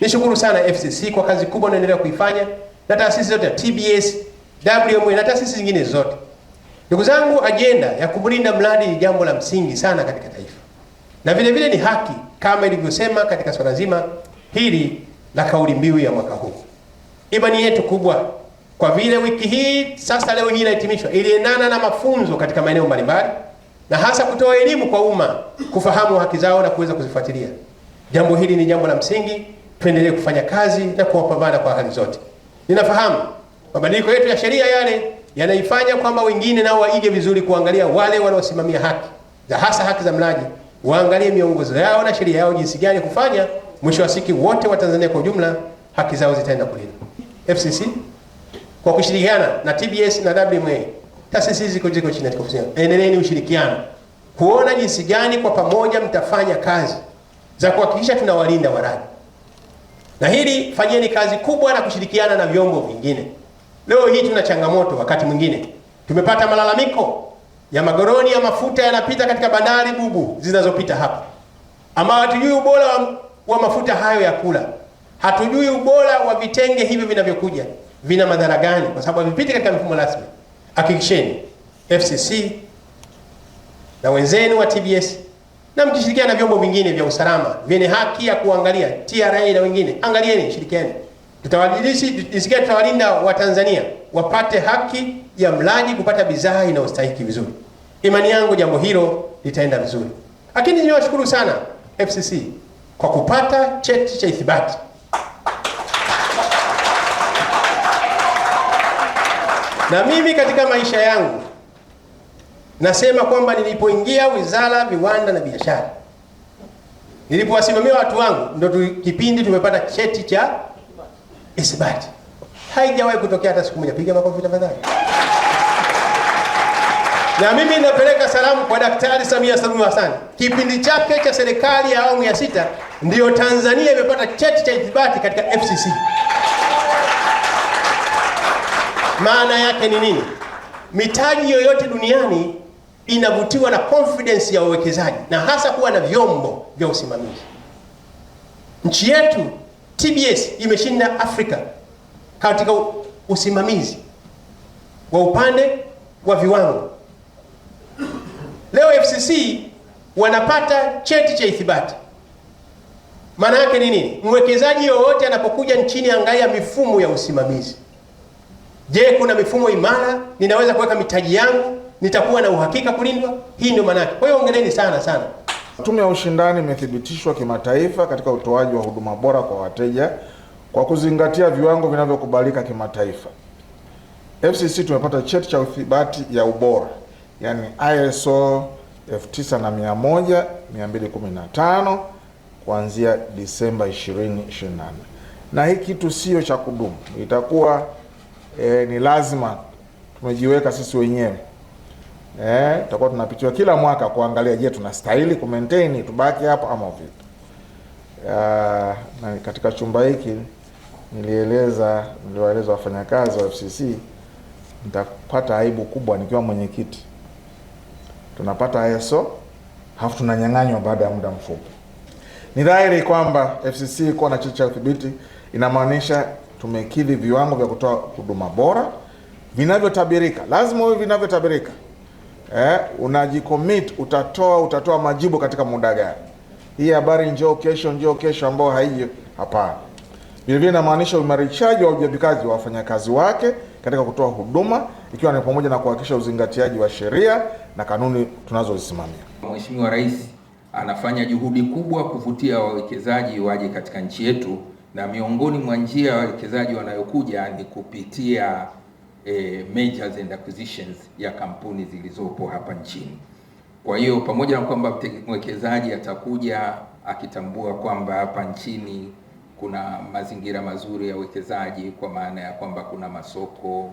Nishukuru sana FCC kwa kazi kubwa inaendelea kuifanya na taasisi zote ya TBS, WMA na taasisi zingine zote. Ndugu zangu, ajenda ya kumlinda mradi ni jambo la msingi sana katika taifa, na vile vile ni haki kama ilivyosema katika swala zima hili la kauli mbiu ya mwaka huu. Imani yetu kubwa kwa vile wiki hii sasa leo hii inahitimishwa iliendana na mafunzo katika maeneo mbalimbali, na hasa kutoa elimu kwa umma kufahamu haki zao na kuweza kuzifuatilia. Jambo hili ni jambo la msingi tuendelee kufanya kazi na kuwapambana kwa hali zote. Ninafahamu mabadiliko yetu ya sheria yale yanaifanya kwamba wengine nao waige vizuri, kuangalia wale wanaosimamia haki za hasa haki za mlaji, waangalie miongozo yao na sheria yao jinsi gani kufanya, mwisho wa siku wote wa Tanzania kwa ujumla haki zao zitaenda kulinda. FCC kwa kushirikiana na TBS na WMA, taasisi hizi ziko ziko chini katika ofisi, endeleeni ushirikiano kuona jinsi gani kwa pamoja mtafanya kazi za kuhakikisha tunawalinda walaji na hili fanyeni kazi kubwa na kushirikiana na vyombo vingine. Leo hii tuna changamoto, wakati mwingine tumepata malalamiko ya magoroni ya mafuta yanapita katika bandari bubu zinazopita hapa, ama hatujui ubora wa, wa mafuta hayo ya kula, hatujui ubora wa vitenge hivyo vinavyokuja vina madhara gani, kwa sababu havipiti katika mifumo rasmi. Hakikisheni FCC na wenzenu wa TBS na mkishirikiana na vyombo vingine vya usalama vyenye haki ya kuangalia TRA na wengine, angalieni, shirikiani, tutawajisikia tutawalinda Watanzania wapate haki ya mlaji kupata bidhaa inayostahiki vizuri. Imani yangu jambo hilo litaenda vizuri, lakini niwashukuru sana FCC kwa kupata cheti cha ithibati na mimi katika maisha yangu Nasema kwamba nilipoingia wizara viwanda na biashara, nilipowasimamia watu wangu, ndo kipindi tumepata cheti cha isibati. Haijawahi kutokea hata siku moja. Piga makofi tafadhali. Na mimi napeleka salamu kwa Daktari Samia Suluhu Hassan. Kipindi chake cha serikali ya awamu ya sita ndiyo Tanzania imepata cheti cha ithibati katika FCC. Maana yake ni nini? Mitaji yoyote duniani inavutiwa na confidence ya wawekezaji na hasa kuwa na vyombo vya usimamizi. Nchi yetu TBS imeshinda Afrika katika usimamizi wa upande wa viwango. Leo FCC wanapata cheti cha ithibati. Maana yake ni nini? Mwekezaji yoyote anapokuja nchini angalia mifumo ya usimamizi. Je, kuna mifumo imara? Ninaweza kuweka mitaji yangu nitakuwa na uhakika kulindwa. Hii ndio maana yake. Kwa hiyo ongeleni sana sana. Tume ya Ushindani imethibitishwa kimataifa katika utoaji wa huduma bora kwa wateja kwa kuzingatia viwango vinavyokubalika kimataifa. FCC tumepata cheti cha uthibati ya ubora, yani ISO 9001 215 kuanzia Disemba 2024, na hii kitu sio cha kudumu, itakuwa eh, ni lazima tumejiweka sisi wenyewe eh, tutakuwa tunapitiwa kila mwaka kuangalia, je, tunastahili ku maintain tubaki hapo ama vipi? Ah, na katika chumba hiki nilieleza, niliwaeleza wafanyakazi wa FCC nitapata aibu kubwa nikiwa mwenyekiti, tunapata ISO halafu tunanyang'anywa baada ya muda mfupi. Ni dhahiri kwamba FCC kuwa na cheti cha udhibiti inamaanisha tumekidhi viwango vya kutoa huduma bora vinavyotabirika. Lazima hivi vinavyotabirika eh, unajicommit utatoa utatoa majibu katika muda gani. Hii habari njoo kesho, njoo kesho ambayo haiji hapana. Vilevile inamaanisha uimarishaji wa uwajibikaji wa wafanyakazi wake katika kutoa huduma ikiwa ni pamoja na kuhakikisha uzingatiaji wa sheria na kanuni tunazozisimamia. Mheshimiwa Rais anafanya juhudi kubwa kuvutia wawekezaji waje katika nchi yetu, na miongoni mwa njia ya wawekezaji wanayokuja ni kupitia e, eh, mergers and acquisitions ya kampuni zilizopo hapa nchini. Kwa hiyo pamoja na kwamba mwekezaji atakuja akitambua kwamba hapa nchini kuna mazingira mazuri ya uwekezaji kwa maana ya kwamba kuna masoko,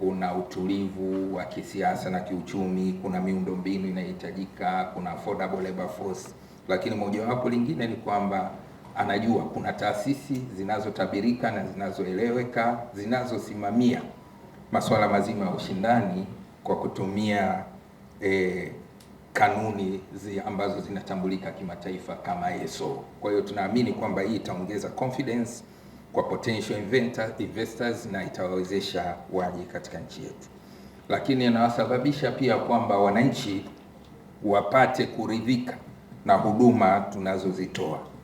kuna utulivu wa kisiasa na kiuchumi, kuna miundombinu inayohitajika, kuna affordable labor force, lakini mojawapo lingine ni kwamba anajua kuna taasisi zinazotabirika na zinazoeleweka zinazosimamia masuala mazima ya ushindani kwa kutumia e, kanuni zi ambazo zinatambulika kimataifa kama ISO. Kwa hiyo tunaamini kwamba hii itaongeza confidence kwa potential inventor, investors na itawawezesha waje katika nchi yetu, lakini inawasababisha pia kwamba wananchi wapate kuridhika na huduma tunazozitoa.